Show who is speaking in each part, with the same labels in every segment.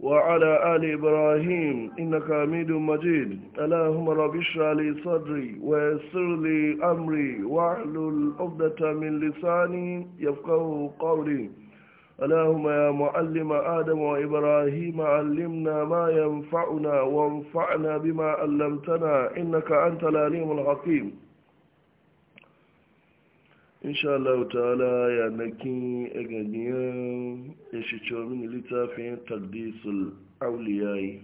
Speaker 1: وعلى آل إبراهيم إنك عميد مجيد اللهم رب اشرح لي صدري ويسر لي أمري واحلل عقدة من لساني يفقه قولي اللهم يا معلم آدم وإبراهيم علمنا ما ينفعنا وانفعنا بما علمتنا إنك أنت العليم الحكيم insha Allah ta'ala ya a egagiyar ya shicewa mini littafin takdisul auliyayi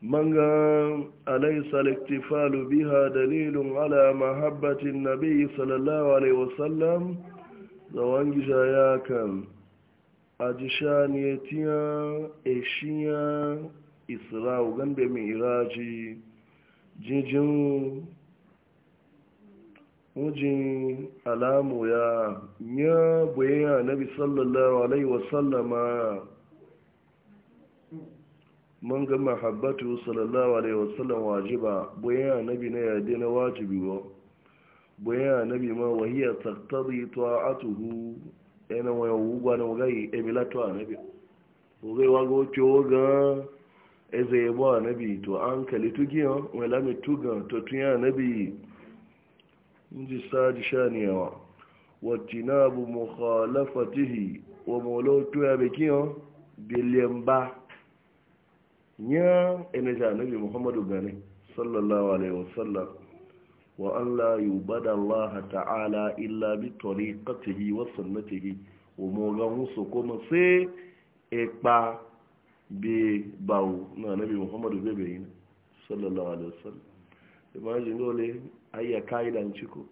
Speaker 1: manga alaisa liktifalu biha dalilun ala mahabbatin nabi sallallahu alaihi wasallam da gija ya kan a shiya isra'u da mai iraji jijin mujin alamu ya ya nabi sallallahu alaihi wasallama man ga mahabbatu sallallahu alaihi wasallam wajiba bayan nabi na yade na wajibi ba bayan nabi ma wahiya taqtadi ta'atuhu ena wa yugwa na wagai ebilatu nabi wagai wago choga eze yabo nabi to an kalitu giya wala mituga to tunya nabi inji saji shaniyawa watinabu mukhalafatihi wa moloto ya bekiyo ba nya eneja nabi muhammadu gani sallallahu alaihi wasallam wa an la bada allah ta'ala illa bi tariqatihi na sunnatihi wa mogan musu kuma sai ekpa bi bawu na nabi muhammadu bebe yin sallallahu alaihi wasallam imagine dole ayya kaidan ciko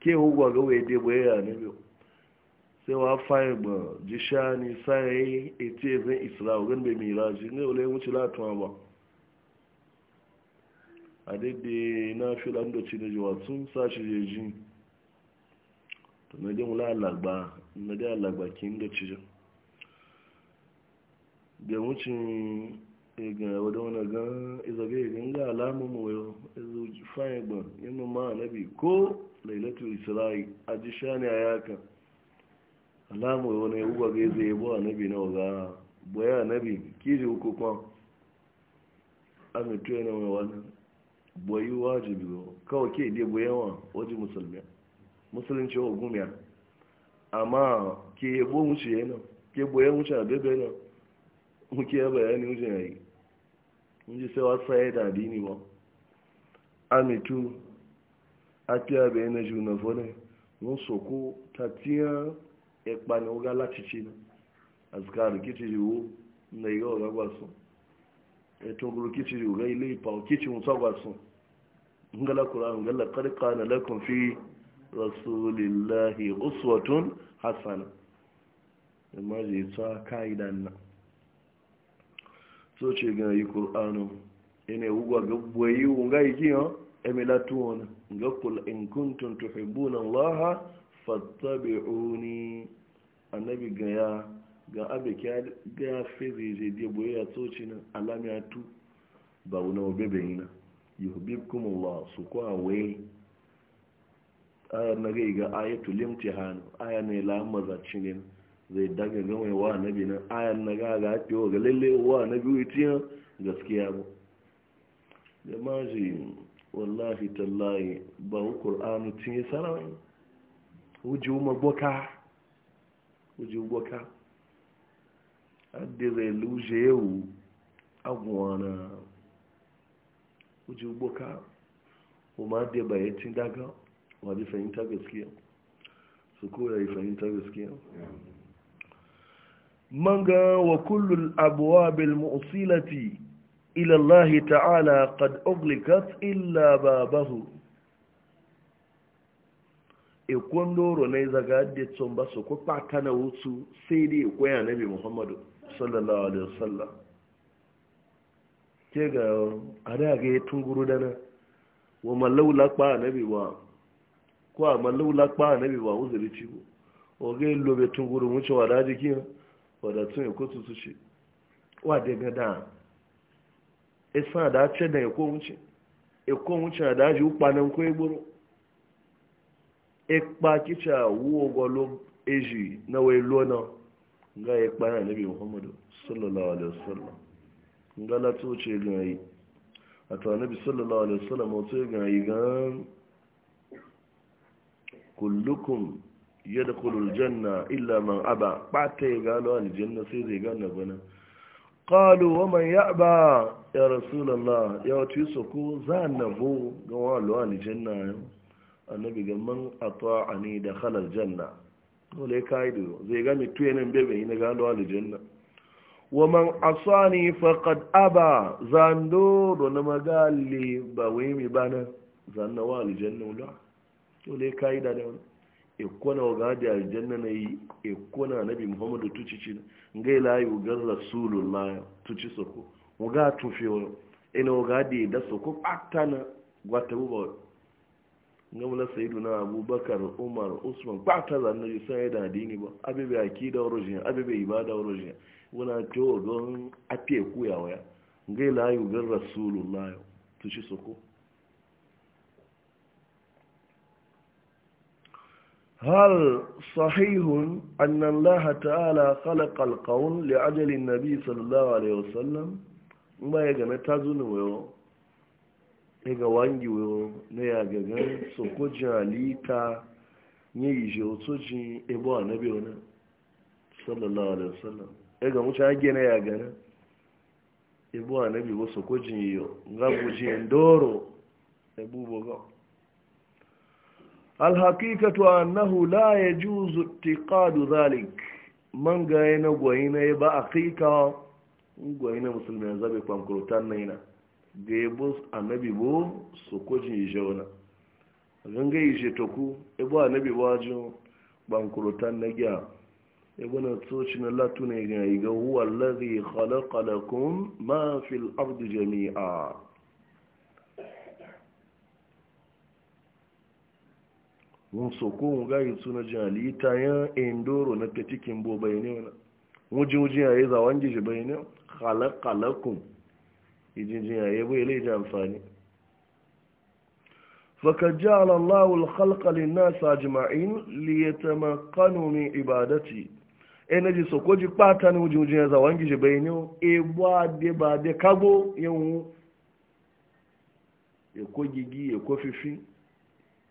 Speaker 1: ke hugwa ga waye dai boye ne biyo sai wa fayi ba jishani sai ite e zan isra'u gan da miraji ne ole mu cila tuwa ba a daidai na filan da ci da jiwa sun sa shi jeji to na jin wula alagba na dai alagba kin da ci da wucin ga wadda wani gan izabe ganga alamun mawayo izu fayin ban yin ma nabi ko lailatul isra'i a ji shani a yaka alamun wani uwa ga zai yabo a nabi na waga boya nabi kiri uku kwan amintu yana mai wani boyi wajibi ba kawai ke dai boyawa waje musulmi musulunci wa gumiya amma ke yabo wuce yana ke boyan wuce a bebe yana muke bayani wuce yayi ji sai wasu ya da dini ba amitu a fiya bayan na juna fone mun soko ta tiya ya kpani wuga latici na a zika na yi gawa gwasun ya tunguru kici jiwo ga ile ipa kici musa gwasun ngala kuran ngala karka na lakon fi rasulillahi uswatun hasana imma je ta ka'idan nan so ce ga yi ƙur'anu ina ugwa ga boyi wunga yi kiyo emila tuwon ga kul in kuntum tuhibbuna Allah fattabi'uni annabi ga ya ga abe kya ga fizi je die boye ya tsoci na alami atu ba wuna obebe ina yuhibbukum Allah su kwa we ayar na ga ayatul imtihan aya ne la mazacin ne zai daga gawai wa annabi na ayan na ga ga ciwo ga lalle wa annabi wuciya gaskiya ba jama'a shi wallahi tallahi ba hu qur'anu tin sarawai wuji uma boka wuji boka adde zai luje yau agwana wuji boka kuma adde bai tin daga wa bi fahimta gaskiya su koya yi fahimta gaskiya manga wa kullul bil mu'usilati ilallahi ta'ala qad oglikat illa babahu ikon doro na yi zaga da tsun ba su kuka ta na wutu sai dai ikon ya nabi muhammadu sallallahu alaihi wasallam ke ga da ga tun tunguru dana wa mallaula kpa nabi wa ko a mallaula kpa nabi wa uzuri ciwo yi lobe tunguru wucewa da jikin wadatun ya kusa su ce wa a da isa e da ce da na e daji ukpanin kwa egburu ikpa e kicha wuo eji na wee ipa ga ikpa na sallallahu alaihi wasallam ga lati wuce gari a to nabi sallallahu alaihi wasallam wato ya da kulul janna illa man aba ɓata ya gano aljanna sai zai gano bana ƙalu wa man ya ba ya rasulallah ya wata yi soko za na bu ga walo aljanna yau annabi ga man ata a ne da halar janna dole ka yi duro zai gami nan bebe yi na gano aljanna wa man asani faqad aba zando do na magali ba wai mi bana zanna wa aljanna wula. dole ka yi da da wani ikona waga da aljanna na yi nabi muhammadu tuci ci ngai layu gar rasulullah tuci soko waga tufe wa ina waga da da soko patana gwata buba ngam la sayyiduna abubakar umar usman kwata zan ne sai da dini ba abibe akida orojin abibe ibada orojin wana to don apie kuya waya ngai layu gar rasulullah soko هل صحيح أن الله تعالى خلق القوم لعجل النبي صلى الله عليه وسلم ما يجمع تازون ويو ga wangi wo ne ya gagan soko jalita ne ije otoji ebo anabi ona sallallahu alaihi wasallam e ga mucha age ne ya gana ebo anabi wo soko jin yo ngabu jin ndoro ebu bogo alhaƙiƙatu annahu la ya juzu tiƙadu zalik man gaya na gwayi na ya ba a ƙiƙa na musulmi na zaɓe kwankurtar na yana ga ya bo annabi bo su kojin ishe wani ganga ishe toku ebo annabi wajen kwankurtar na gya ebo na tsoci na latu ne ga yi ga huwa lalazi khalaqalakum ma fil ardi jami'a mun soko mu gari na jali ta yan indoro na ta cikin bo bayani wani wujewuje ya yi zawon jiji bayani kalakalakun ijinjin ya yi bai lai ji Fakar faka ji alallahul kalkali na sa jima'in liyata makano mai ibadati e na ji soko ji pata ni wujewuje ya zawon jiji bayani e gba de ba de kago yawon ya e ko e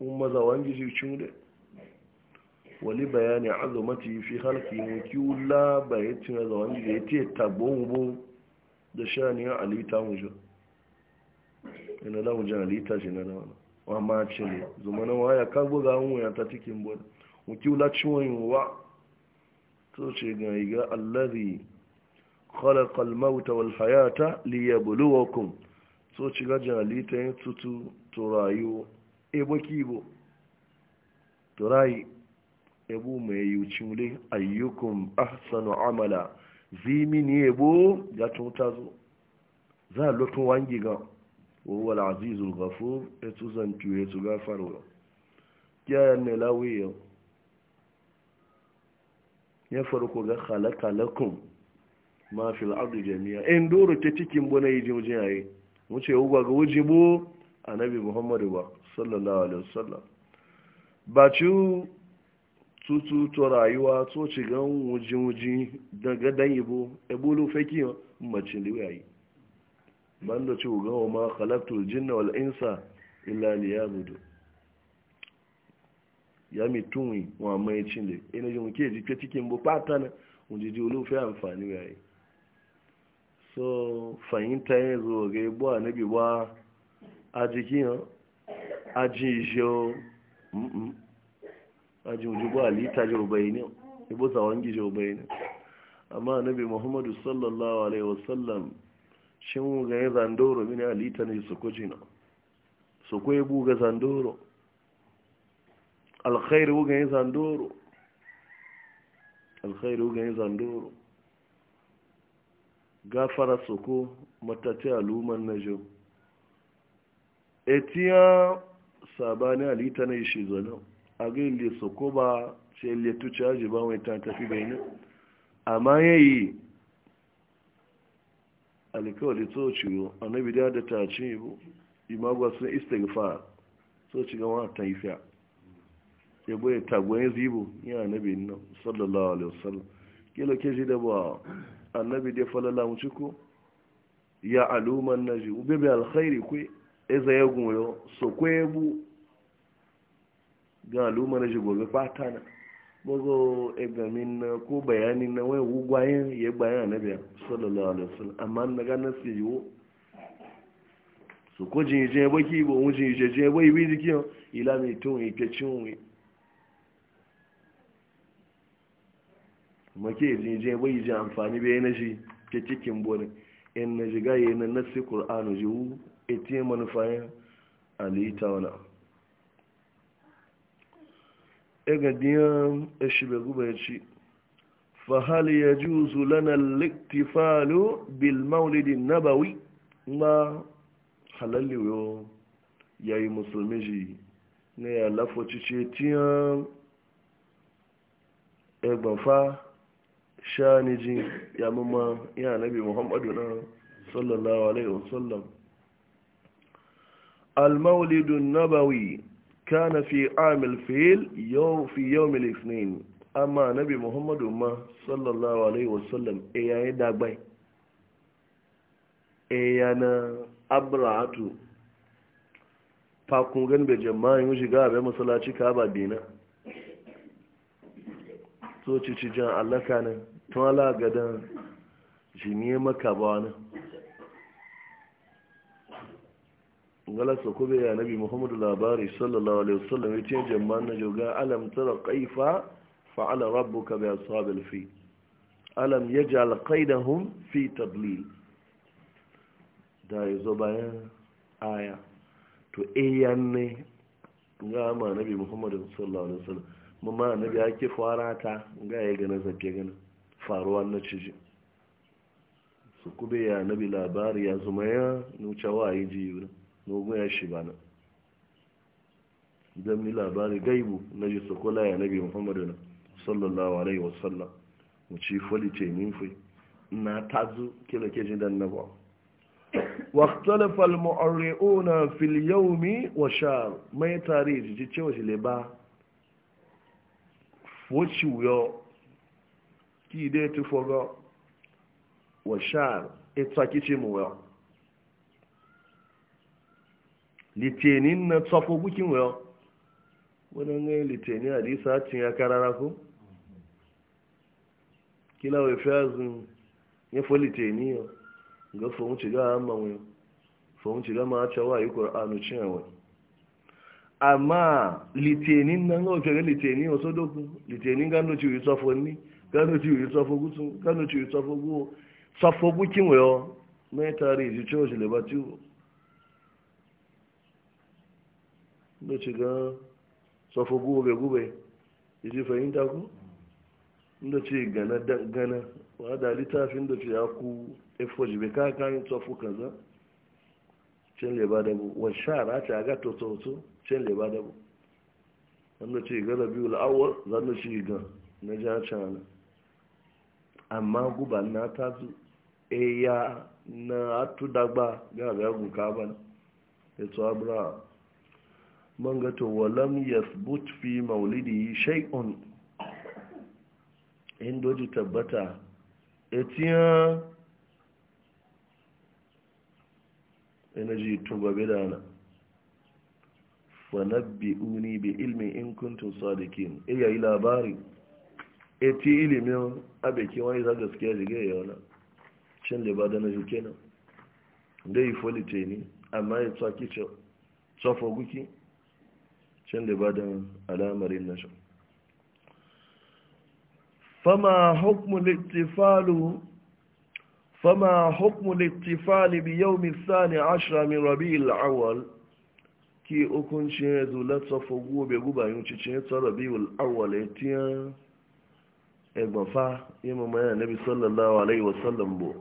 Speaker 1: kuma zawangi shi cude wali bayani azumati fi halki mukula bayan cin zawangi da ya ce tabon da shaniyar alita mujo ina da mujan alita shi na dawana wa ma ce ne na waya ka buga ya ta cikin bude mukula ciwon wa to ce ga iga allazi خلق الموت والحياة ليبلوكم so ci gajin yin tutu to rayu ebo kibo turai ebo mai yucin wule ayyukun ahsanu amala zimi ni ebo ya cuta zo za a lotun wangi ga wawal azizul gafur ya tu zantu ya tu gafar kiyayen ne lawi ya farko ga halaka lakum ma fil ardi jami'a in doro ta cikin bane yi wujen yayi wuce ugwa ga wujibu anabi muhammadu ba sallallahu alaihi wasallam ba ci tutu to rayuwa to ci gan wuji-wuji daga dan yibo ebulu feki macin da yayi ban da ci gan wa ma khalaqtul jinna wal insa illa liyabudu ya mi tunwi wa mai cin da ina jin ke ji ke cikin bo patana wuji ji ulu fe amfani yayi so fahimta yanzu ga yabo annabi ba a jikin ajijo ajijo ba alita jo bayani ibo zawon gijo bayani amma nabi muhammadu sallallahu alaihi wasallam shin ga ya zandoro mini alita ne su kujina su kwaye buga zandoro alkhairu buga ya zandoro alkhairu buga ya zandoro gafara soko matati aluman na jo etiyan sabani alita na ishi zano a ga ile su ko ba ce ile tuce aji ba mai ta tafi bai ne amma ya yi alikawali to ciwo a na bidiyar da ta ci bu imagwa sun istighfar so ci gama ta yi fiya ya bude tagwayin zibu ya annabi na sallallahu alaihi wasallam kila ke ji da ba annabi da falala mu ciko ya aluman naji ube bi alkhairi kwe eza ya gunyo so bu ga al'umma na shigo ga fata na bugu egamin na ko bayani na wai wugwayen ya bayan biya sallallahu alaihi wasallam amma na ga na nasu yiwo su ko jinjin ba ki bo mu jinjin je ba ibi dikin ila mi tun kuma ke make je ba yi amfani bai na shi ke cikin bone in na shiga yayin na nasu qur'anu ji wu etiye manufayin alita wala E ga diyan ashibe e guba ya ci fahal ya juzu lana liktifalu bil maulidi nabawi ma halalli yo ya yi musulmi ji na ya lafoci ce tiyan shani shanijin ya e mamma ya nabi muhammadu na sallallahu alaihi wasallam al maulidun nabawi kana fi amil fil yau fi yau milisnin amma nabi muhammadu ma sallallahu alaihi wasallam e ya yi dagbai e ya na abrahatu fakun gan bai jama'in yi shiga abin masalaci ka ba dina so cici jan allaka nan tun ala gadan jiniye maka ba wani galasa kube ya nabi muhammadu labari sallallahu alaihi wasallam ya ce jama'an na joga alam tara kaifa fa'ala rabbuka bi ashabil fi alam yaj'al qaidahum fi tadlil da yazo bayan aya to eyan eh, ne ga ma nabi muhammadu sallallahu alaihi wasallam ma nabi yake farata ga ya gana zafi gana faruwa na ciji su kube ya nabi labari ya zuma ya nuce wa yi ji wurin domin ya shi bana idan ni gaibu na ji sokola ya nabi muhammadu na sallallahu alaihi wasallam mu ci fali ce min fi na tazu kila ke ji dan nabawa waqtalafal na fil yawmi wa shahr mai tare ji ji cewa shi leba fochi wuyo ki de tu foga wa shahr et sa mu wuyo litinin na tsafo gukin wayo wani ne litinin hadisa ya karara ku kila wai fiyazin ya fi litinin yau ga fahimci ciga hamman wayo fahimci ciga ma cewa yi ƙor'anu cin yawon amma litinin nan ga wajen litinin wasu doku litinin gano ciwi tsafo ni gano ciwi tsafo gutsun gano ciwi tsafo guwo tsafo gukin wayo na ya cewa shi lebatiwo da shiga safo gube-gube iji fahimta ku da gana gana wa da littafin da ce ya ku efoji bai kakan kaza can leba da bu wa shara ce a gato sautu can leba da bu wanda ce gana ga na ja amma guba na ta zu eya na atu dagba ga abin ka ba na eto abraham man gato walam yathbut fi maulidihi shay'un indoji tabbata etiyan energy tuba bedana fanabbi'uni bi ilmi in kuntum sadiqin iya labari eti ilimin abeki wani za gaskiya jige ya wala cin da ba da na juke nan dai folite ne amma ya tsaki tsofa guki can da ba da alamarin na shan fama hukumul فما حكم الاتفال بيوم الثاني عشر من ربيع الأول كي أكون شهد لا تفقوا بيقوبا يمشي شهد ربيع الأول اتيا إغفا يما ما النبي صلى الله عليه وسلم بو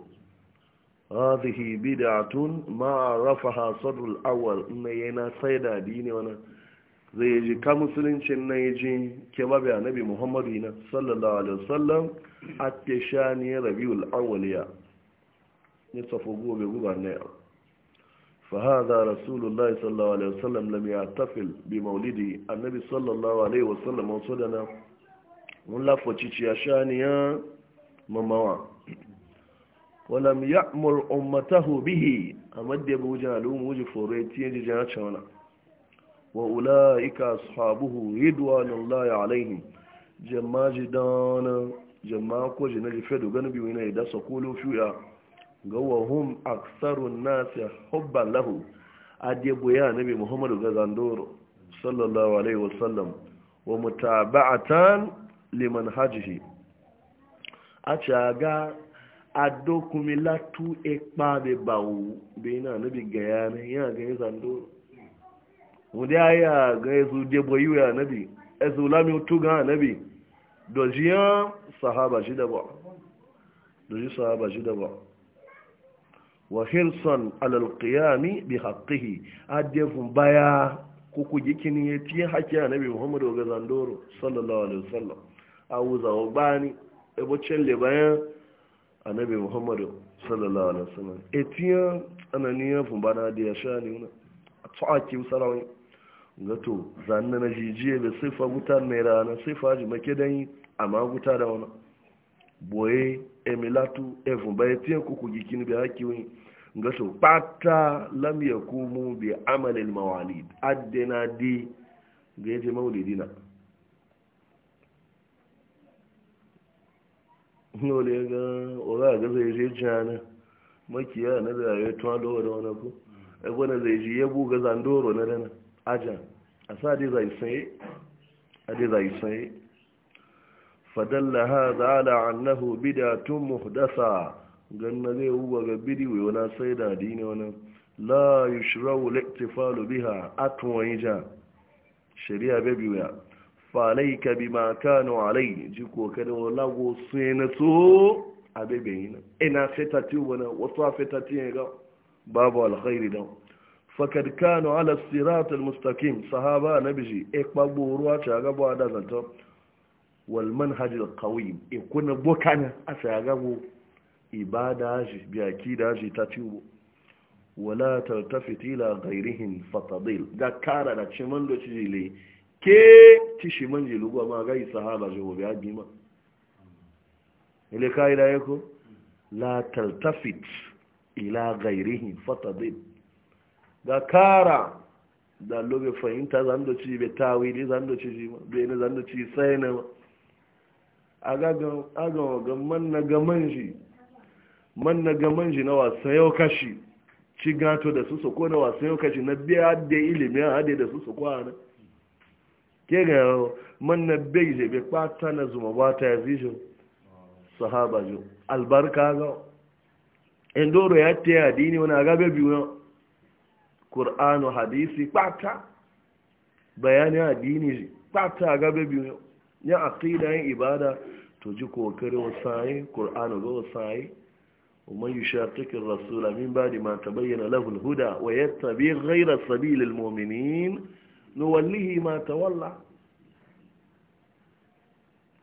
Speaker 1: هذه بدعة ما عرفها صدر الأول إن ينا سيدة ديني وانا zai yi jika musuluncin na yi jin kebabe a nabi muhammadu yana sallallahu alaihi wasallam a ke sha ni rabi ul'awuliya ya tafi gobe guba na yau fahada sallallahu alaihi wasallam lami a tafil bi maulidi a nabi sallallahu alaihi wasallam wasu mun lafaci ciya sha ni ya mamawa walam ummatahu bihi a madde bujan alumu ji foro ya tiye ji jana cewa wa ula'ika ashabuhu ridwanullahi alaihim jama'a ji dana jama'a ko ji na jife dogon biyu na da sakolo fiya ga wahum aksarun nasi hubban lahu adebo ya nabi muhammadu ga zandoro sallallahu alaihi wasallam wa mutaba'atan liman hajjihi a ci aga adokumilatu ekpa bebawu na nabi ga ya ga yi zandoro wani aya ga yasu jeboyi ya nabi yasu tu ga nabi dojiya sahaba shi da ba doji sahaba shi da ba wa hirson alalƙiyami bi haƙƙihi adefun baya kuku jikin ya ti haƙƙi a nabi muhammadu ga zandoro sallallahu alaihi wasallam a wuzawa bani ebocin libayan a nabi muhammadu sallallahu alaihi wasallam etiyan ananiyan fun bana da ya sha ne wuna a tsohaki gato zanna na jijiye da sifa guta mai rana sifa ji make dan yi amma wuta da wani boye emilatu efun bai tiye kuku gikini bai haki wani gato pata lam ya kumu bai amalin mawali adina di ga yaje maulidina nole ga ora ga zai je jana makiya na da ya tuwa da wani ku ebe na zai ji ya buga zandoro na dana ajan asa dai zai sai ade zai sai fadalla haza ala annahu bid'atun muhdasa ganna zai uwa ga wai wala sai da dini wani la yushra'u al-iktifalu biha ja shari'a bebiwa falaika ma kanu alai ji kokarin wala go sai na to abebe ina ina fetati wani wasu a fetati ga babu alkhairi don fakad kano ala siratul mustaqim sahaba nabiji e kpagbo ruwa ta a da zanto wal manhajil qawim e kuna bukana. a ta gabo ibada ji biyaki da ji ta ciwo wala taltafit ila gairihin fatadil ga kara da ciman do cijile ke ci shiman ji lugwa ma ga sahaba ji wo biya bima ile kai da yako la taltafit ila gairihin fatadil ga kara da lobe fahimta zan da ci bai tawili zan da ci ma bai ne zan da ci sai na ma a ga man na gaman shi man na gaman shi na wasan yau kashi ci gato da su su ko na wasan yau kashi na biya hadde ilimi hadde da su su kwana ke ga man na bai je bai kwata na zuma ba ta yazi shi sahaba jo albarka ga endoro ya ta yadi ne wani agabe biyu ƙur'anu hadisi ɓata bayanin addini ɓata gabe biyu ya aƙida yin ibada to ji kokarin wasaye ƙur'anu ga wasaye ومن يشاقق الرسول bayyana بعد ما تبين له الهدى ويتبع غير سبيل المؤمنين نوليه ما walla.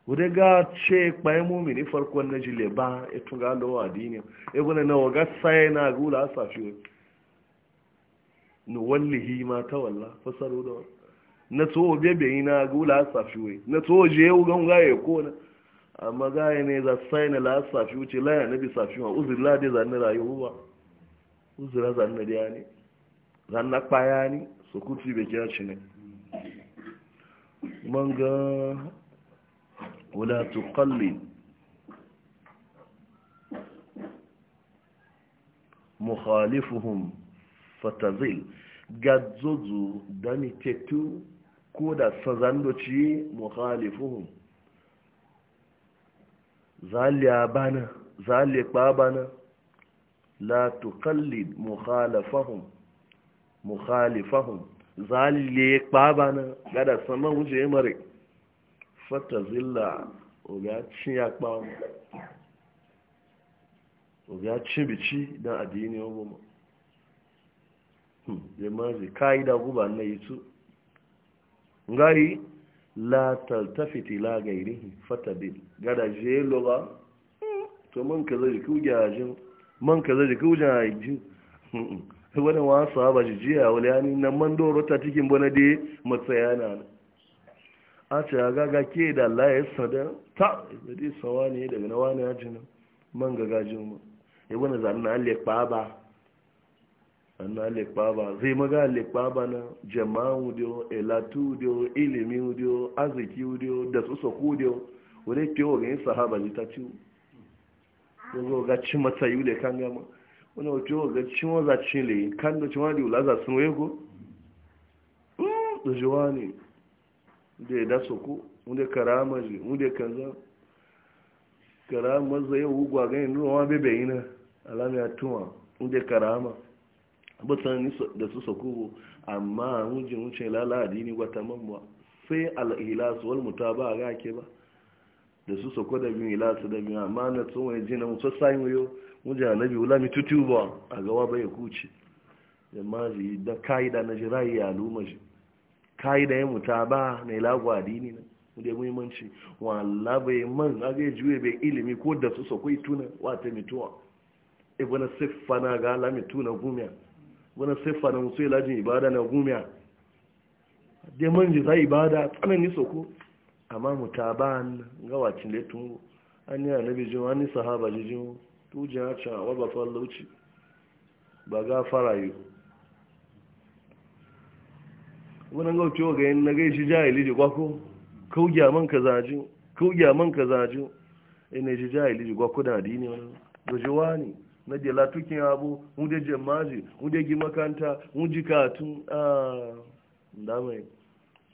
Speaker 1: wadda ga ce bayan mumini farkon na jile ba ya tunga lowa dini ya gwana na waga sai na gula a safi wallahi ma ta walla fasaru da na tsoho bebe yi na gula safi wai na tsoho je yau gan gaye ko na amma gaye ne za sai na la safi wuce la na bi safi ma uzur la dai zan rayuwa uzura zan na dia ne zan na kpaya ne so kuti be kira shi ne manga wala tuqallid mukhalifuhum fatazil gadzozu da mitettu ko da sazandoci mukhalifuhum zaliya bana zaliya kpabana la tuqallid mukhalafahum mukhalifahum zaliya kpabana gada saman wuce mare fatazilla oga ci ya kpawo oga ci bici don adini ogun limanzi hmm, ka'ida guba na yitu ngari la taltafiti la gairihi bi. gada je loga ba hmm, to man ka zai ku gajin man ka zai ku gajin hmm, wani wa sahaba ji jiya wani yani nan man doro ta cikin bana dai matsaya na a ce ga ga ke da Allah ya sada ta zai sawani ne daga na wani ajin man ga gajin mu ya wani zanna alle ba ana lekpaba zai maga lekpaba na jama'a udio elatu udio ilimi udio arziki udio da su soku udio wani ke yin sahaba ji ta ci Wani yanzu ga cin matsayi da kan gama wani wace ga cin waza cin le kan da cin wani ula za sun ko da jiwa wani? da ya da soku wanda karama ji wanda kaza karama zai yi ugwa ganin ruwa bebe yi na alamiyar tuwa wanda karama batan da su sako amma mujin wuce lalari ne wata mamuwa sai al'ilasu wal muta ba a ke ba da su sako da biyu ilasu da biyu amma na tsohon yaji na mutu sayin yau mujin annabi wula mi tutu ba a gawa bai ya kuce da maji da ka'ida na jira ya luma shi ka'ida ya muta ba na ilagu dini na da muhimmanci wala bai man na zai juye bai ilimi ko da su sako ituna wata mituwa ibn siffa na ga ala mituna gumiya wani siffa na musu ilajin ibada na gumiya dai man ji za ibada tsanani soko amma mutaban gawacin da ya tungo an yi annabi jin wani sahaba jijin jin tujin a can awa ba gafara yi wani gauce wa gayin na gaishi jahili da kwako kaugya man ka zaju kaugya man ka zaju ina shi jahili liji gwako da adini wani gajewa ne na de latukin abu wunde jemaji wunde gi makanta wunji katun a damai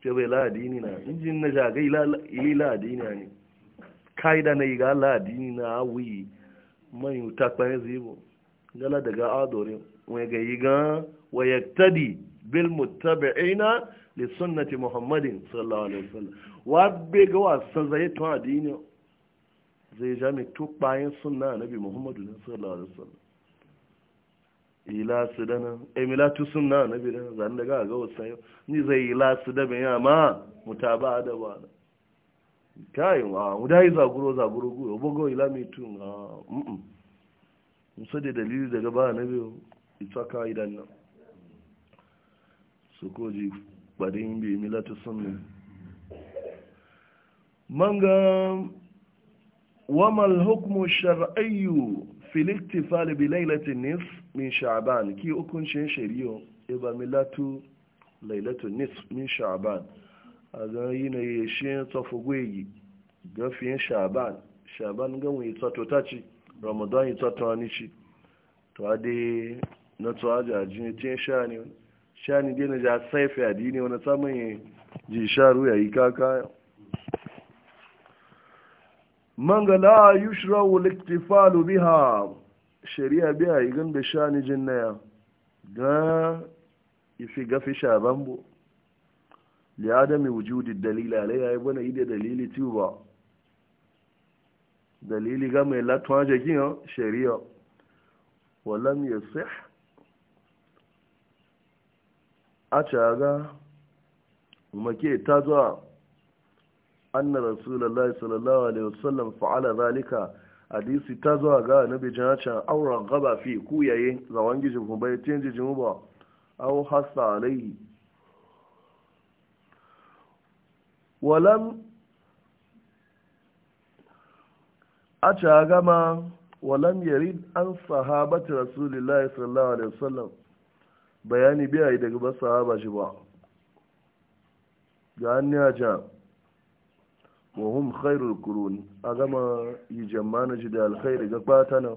Speaker 1: ce bai ladini na injin na jagai ili ladini ne kaida na iga ladini na awi mai takpan zibo gala daga adorin wai ga iga wa yaktadi bil muttabi'ina li sunnati muhammadin sallallahu alaihi wasallam wa be ga wasan zai to adini zai ja mai tuk bayan sunna nabi muhammadu na sallallahu alaihi wasallam ila su dana emila eh, tu sunna nabi nan zan daga ga wasan yau ni zai ila su da mai amma mutaba da ba kai wa mudai zaguro zaguro guro bugo ila mi tu mm musa da dalili daga ba nabi ita ka idan nan su koji ji badin bi emila tu sunna manga وما الحكم الشرعي في الاحتفال بليلة النصف من شعبان كي أكون شيء شريو إبا ملاتو ليلة النصف من شعبان هذا هنا شيء تفوقي قفين شعبان شعبان قوي يتاتو تاتي رمضان يتاتو عنيشي توادي نتواجع جنتين شاني شاني دينا جا سيف يا ديني ونسامي جي شارو يا إيكاكا man ga la yushra'u liktifalu biha shari'a biya igan da shani jinnaya ga ifi gafi shaban bu li adami wujudi dalil alayha ay bana ide dalili tuba dalili ga mai latwa shari'a wa lam yasih a make ta zuwa anna rasulullah sallallahu alaihi wasallam fa'ala zalika hadisi ta zuwa ga nabi jinacan aura gaba fi kuyaye wangi gijin kuma bai cin jijin ba au hasa alaihi walam acha ca gama walam yarid an sahabati rasulullah sallallahu alaihi wasallam bayani biya daga ba sahaba shi ba ga an wa hum khairul kuruni a gama yi jamana ji da alkhairi ga batana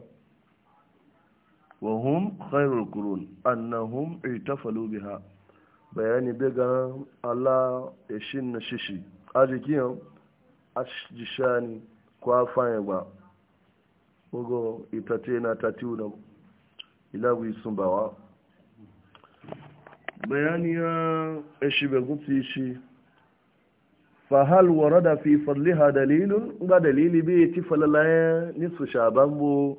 Speaker 1: wa hum khairul qurun annahum itafalu biha bayani biga Allah ya na shishi a jikin ashjishani kwa fanya ba ugo itate na tatiuna ilawi sumbawa bayani ya eshibe gutsi shi fahal warada fi fadliha dalilun ga dalili bai ya ci falalaya nisu shaban bu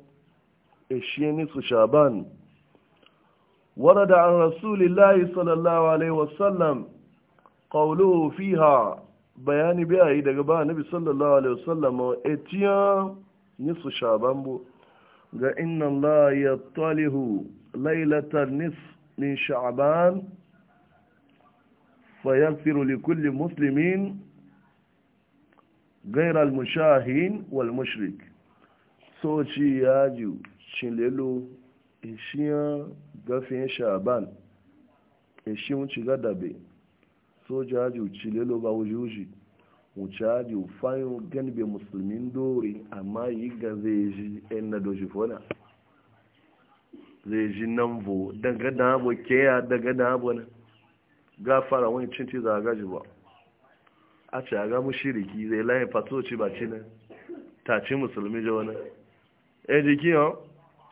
Speaker 1: ishe nisu shaban warada an rasulillahi sallallahu alaihi wasallam qawluhu fiha bayani bai daga ba nabi sallallahu alaihi wasallam etiya nisu shaban bu ga inna allah yattalihu lailatan nis min sha'ban fayaghfiru likulli muslimin غير المشاهين والمشرك سوشي ياجو شنللو إشيا غفين شعبان إشيا ونشي غدبي سوشي ياجو شنللو باوجوجي wucaji fayin ganbe musulmin dore amma yi ga zai ji yan na doji fona zai ji nan bo daga dabo keya daga dabo na gafara wani cinci za a ba a ce a ga mushiriki zai layin fatoci ba ci ne ta ci musulmi ji wani e jiki yau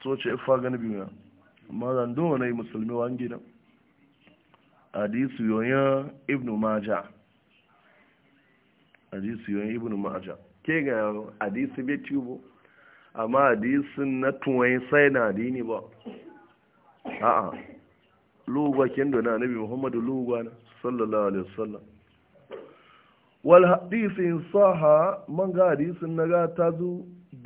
Speaker 1: so ce ifa gani biyu na amma zan don wani musulmi wani gidan hadisu yoyin ibnu maja hadisu yoyin ibnu maja ke ga hadisu bai tubo amma hadisun na tuwayin sai na adini ba a'a lugwa kin dona nabi muhammadu lugwa na sallallahu alaihi wasallam wal hadisin saha man ga hadisin na ga ta zu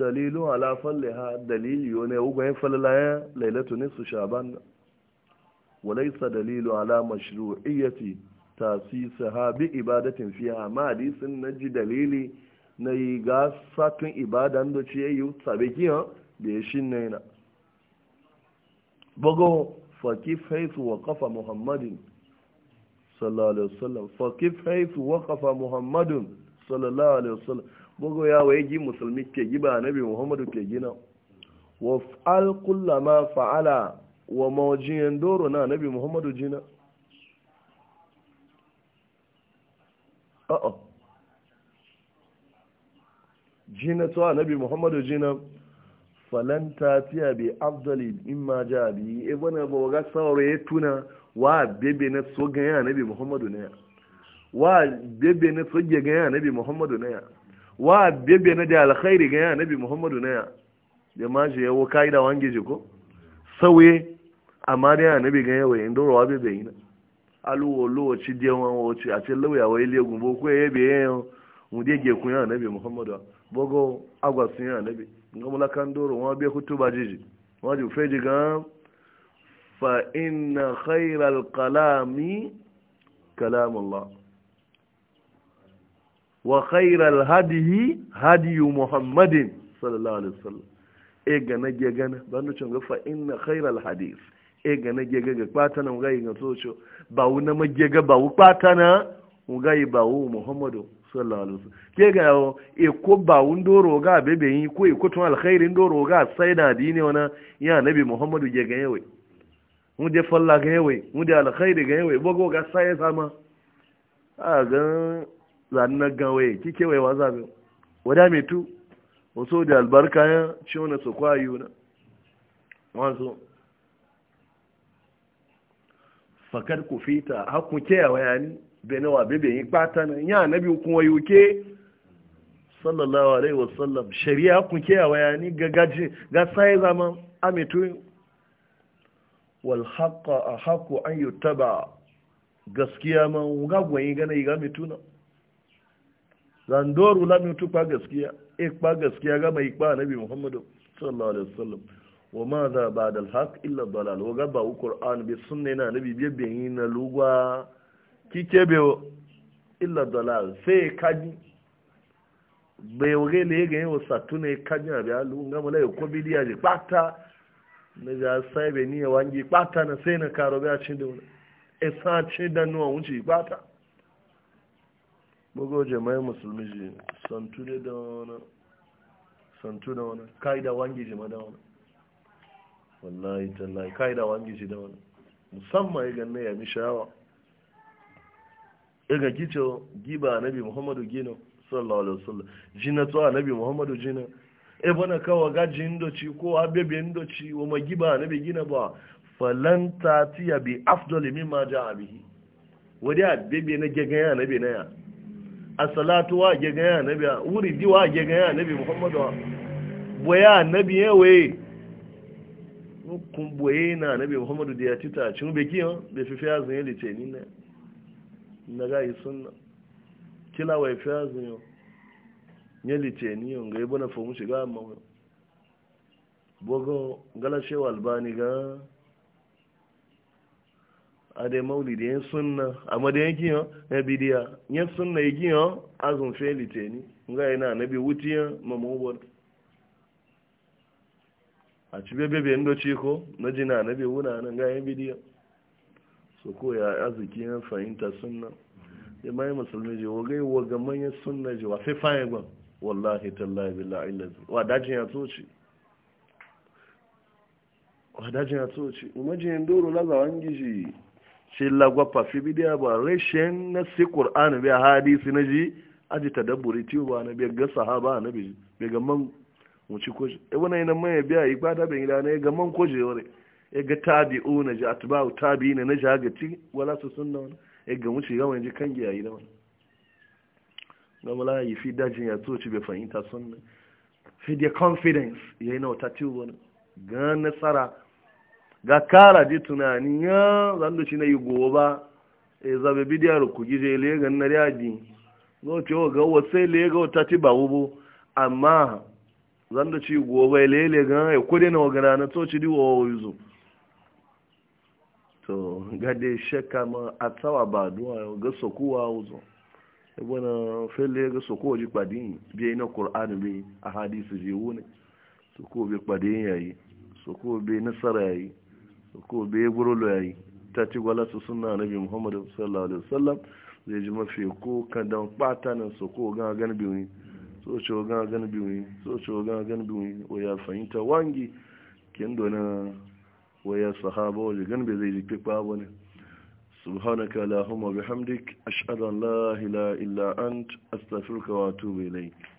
Speaker 1: dalilu ala falliha dalili ne ugun falalayen lailatu nisu shaban laysa dalilu ala mashru'iyyati ha bi ibadatin fiha ma hadisin na ji dalili na yi ga sakin ibadan da ce yi sabe kiyan da ya shi na bugu fakif haisu wa kafa muhammadin sallallahu alaihi wasallam fa kif haythu waqafa muhammadun sallallahu alaihi wasallam bogo ya waye gi musulmi ke gi ba nabi muhammadu ke gina wa fa'al kullama fa'ala wa mawjin doro na nabi muhammadu jina a'a jina to nabi muhammadu jina falan ta tiya bi afdali in ma ja bi e bana ba ga sauro ya tuna wa bebe na so ga ya nabi muhammadu ne wa bebe na so ga ya nabi muhammadu ne wa bebe na da alkhairi ga ya nabi muhammadu ne da ma je yawo kai da wange je ko sawe amma da ya nabi ga yawo in dorowa bebe ina alwo lo ci je wan wo ci a ce lawya wai legun bo ko yebe yawo mu de ge kun ya nabi muhammadu bogo agwasin ya nabi ga mulakan doro wa be hutu ba jiji wa ji fe diga fa inna khayral kalami kalamullah wa khayral hadiyi hadiyu muhammadin sallallahu alaihi wasallam e gana ge gana bando chonga fa inna khayral hadith e gana ge ga patana ngai ga socho ba wuna magega ba wu patana ngai bawo muhammadu sallallahu alaihi wasallam ke ga yo e ko bawo ndoro ga bebe yi ko e ko tun alkhairi ndoro ga sai na dini wana ya nabi muhammadu je ga yewe mu de falla ga yewe mu de alkhairi ga yewe bogo ga sai sama a ga zanna ga we kike we wa be wada me tu waso da albarka ya ciwon su kwayo na wasu fakar ku fita ku ke a wayani wa bebe yi kpata na ya nabi kuma yi wuke sallallahu alaihi wasallam shari'a kun ke yawa ya ni gagaji ga sai zama amitu wal haqqa ahaqu an yutaba gaskiya man ga gwayi gana yi ga mituna zandoru la mitu pa gaskiya e pa gaskiya ga mai pa nabi muhammadu sallallahu alaihi wasallam wa ma za ba'da al haqq illa dalal wa gaba ba qur'an bi sunna nabi bi bayin na lugwa ki kebewo illa dalal fe kaji bai wuri ne ga yin wasattu ne kaji a biya lu ga mala ko bidiya je pata ne ja sai e be ni e wangi pata na sai na karo biya cin da wani e sa cin da nuwa wuce pata bugo mai e musulmi ji santu ne da wani santu da wani kai da wangi ji ma da wani wallahi tallahi kai da wangi ji da wani musamman ya ganna ya mi shawa daga gicho giba nabi muhammadu gino sallallahu alaihi wasallam jina to nabi muhammadu jina e bana kawa gaji indoci ko abebe indoci wa magiba nabi gina ba falan tatiya bi afdali mimma ja'a bihi wadi abebe na gegaya nabi na ya asalatu wa gegaya nabi wuri di wa gegaya nabi muhammadu boya nabi yewe kun boye na nabi muhammadu da ya tita cin bekiyan da fifiya zan yi litinin na na gayi sunna kila wai fiyazin yau ya lice ni yau ga ibina fomu shiga amma wani galashe wa albani ga a da yin sunna amma da yankin yau na bidiya yin sunna yi giyan azun fiye lice ni ga yi na bi wuti mamubuwar a ci bebe bebe ndo ciko na jina na bi wuna nan ga yin bidiya su koya ya arziki na fahimta suna ya mai musulmi ji wa gai wa gaman ya suna ji wa sai fayin gwan wallahi tallahi bi lazi wa dajin ya tsoci wa dajin ya tsoci yin doro lazawan gishi shi lagwafa fi bidiya ba reshen na si qur'an biya hadisi na ji aji tadabburi ti ba na bi ga sahaba na biya gaman ga man mu ci koji e wannan nan mai biya ibada bin ila ne gaman koji koje ya ga tabi na ji atba'u tabi'i na ji ci wala su na wani ya ga wuce yawan ji kan yi da wani gamala yi fi dajin ya ci bai fahimta sunna fi dia confidence ya yi na wata tiwo wani ga nasara ga kara ji tunani ya zanda shi na yi goba ya zabe bidiyar ku gije ile ga na riyadi lokaci wa ga wasai ile ga wata ci ba wubu amma zanda ci gobe ile ga ya kudi na wa gana na toci diwa wa wuzo gade shakka ma a tsawa ba duwa ga sokuwa wuzo ibana fele ga sokuwa ji kpadin biye na qur'ani bi a hadisi ji wune sokuwa bi kpadin yayi sokuwa bi nasara yayi sokuwa bi gurulu yayi ta ci gwala su sunna nabi muhammad sallallahu alaihi wasallam zai ji mafi ko kan dan kpata nan sokuwa ga gan biyu so ce ga gan biyu so ce ga gan biyu o ya fahimta wangi kin dona waya sahaba wajen ganbe zai ji kikwa wani سبحانك اللهم وبحمدك أشهد أن لا إله إلا أنت أستغفرك وأتوب إليك